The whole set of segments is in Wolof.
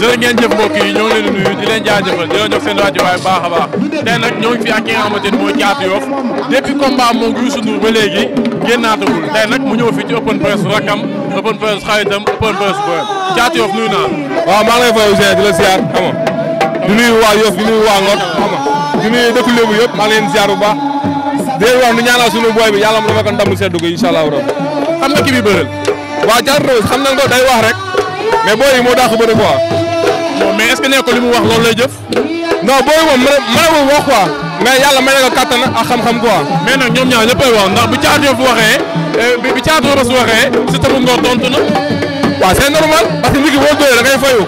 jërë ngeen jëf mbokk yi ñoo ngi leen di nuyu di leen jaajëfal di leen jox seen rajo waaye baax a baax tey nag ñoo ngi fi ak ki nga xamante ni mooy Thiatou Yoff depuis combat moom Youssou Ndour ba léegi génnaatagul tey nag mu ñëw fi ci open press rakam open press xaritam open press boy Thiatou maa ngi lay fay Ousseyn di la ziar xam nga di nuyu waa Yoff di nuyu waa Ngor xam nga di nuyu dëkk Lébu yëpp maa ngi leen ziar bu baax di leen wax nu ñaanal suñu booy bi yàlla mu dafa ko ndam sedd ku nekk li mu wax loolu lay jëf. non booy moom mën a wax quoi mais yàlla may na ko kattan xam-xam quoi. mais nag ñoom ñaar ñëppay wax ndax bu caatu yoo waxee eh, bi bi caatu waxee Siteu bu Ngor tontu na. waaw c'est normal parce que nit ki boo da ngay fayu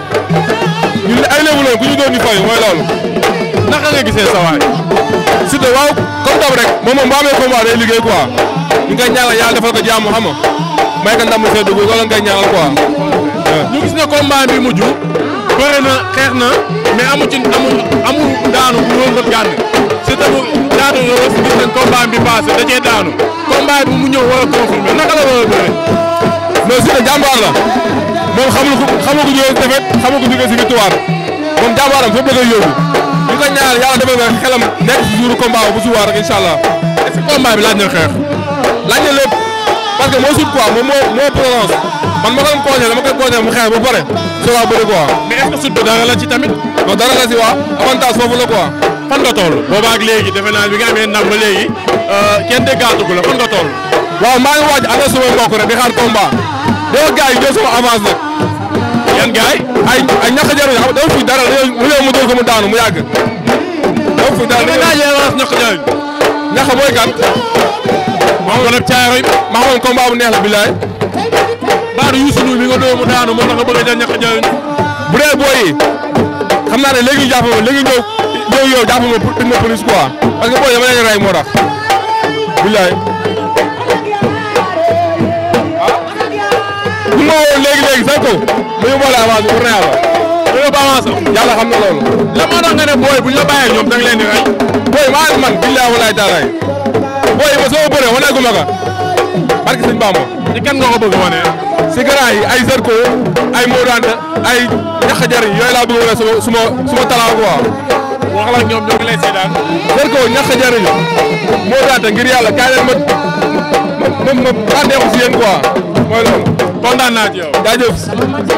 ñun ne ay lébu lañ ku ñu doon fayu mooy loolu. naka nga gisee sa waay. Siteu waaw comme dab rek moom moom bu amee combat day liggéey quoi ñu ngi koy ñaanal yàlla defal ko jàmm xam may ka ndam mu see bëre na xeex na mais amu ci amul amul daanu bu wóor nga gànn si te bu daanu rëbës gis nañ combat bi passé da cee daanu combat bi mu ñëw war a confirmer naka la war a bëre. mais si te jàmbaar la moom xamul ko xamul ko jógee si defet xamul ko jógee si victoire moom jàmbaaram foofu la koy yóbbu ñu ko ñaanal yàlla defal na xelam nekk si jour bu suba rek allah est-ce bi laaj na xeex laaj na lépp parce que moo sut quoi moom moo moo prolonge man ma mu xeex ba pare soo bëri quoi. mais est ce que sut bi dara la ci tamit. non dara la si waa avantage foofu la quoi. fan nga toll booba léegi defe naa bi nga amee ndam ba léegi euh, kenn déggaatu ko la fan nga toll. waaw maa ngi waaj ana sumay mbokk rek di xaar combat doo gars yi jël sama avance nag. yan gars yi ay ay ñàkk a jaruñ xam dafa fi dara dañoo mu ñëw mu dóor ko mu daanu mu yàgg. dafa fi dara dañoo dañoo avance ñàkk a neex la bilaay. Baadu Youssou Ndour mi nga doon mu daanu moo tax nga bëgg a jël ñàkk a jël naa ne léegi ñu jàpp ma léegi ñëw ñëw yow a ma pour dina police quoi parce que booy dama leen rey moo tax billaay. ah bu ma a léegi léegi sax ko bu ñu boole avance bi ne avance. dina ba avance yàlla xam na loolu. la moo tax nga ne booy bu ñu la bàyyee ñoom da nga leen di rey. booy maa man billaay walaay taalaay booy soo bëree wane gu ma barke sëñ Bamba ci kan nga ko bëgg a wane si a yi ay Zarko ay Modane ay Ñaxa Jari yooyu laa bëgg a wane suma suma suma talaa quoi. wax la ñoom ñoo ngi lay seetaan. Zarko Ñaxa Jari Modane ngir yàlla kaay leen ma ma ma ma bànneexu si yéen quoi mooy loolu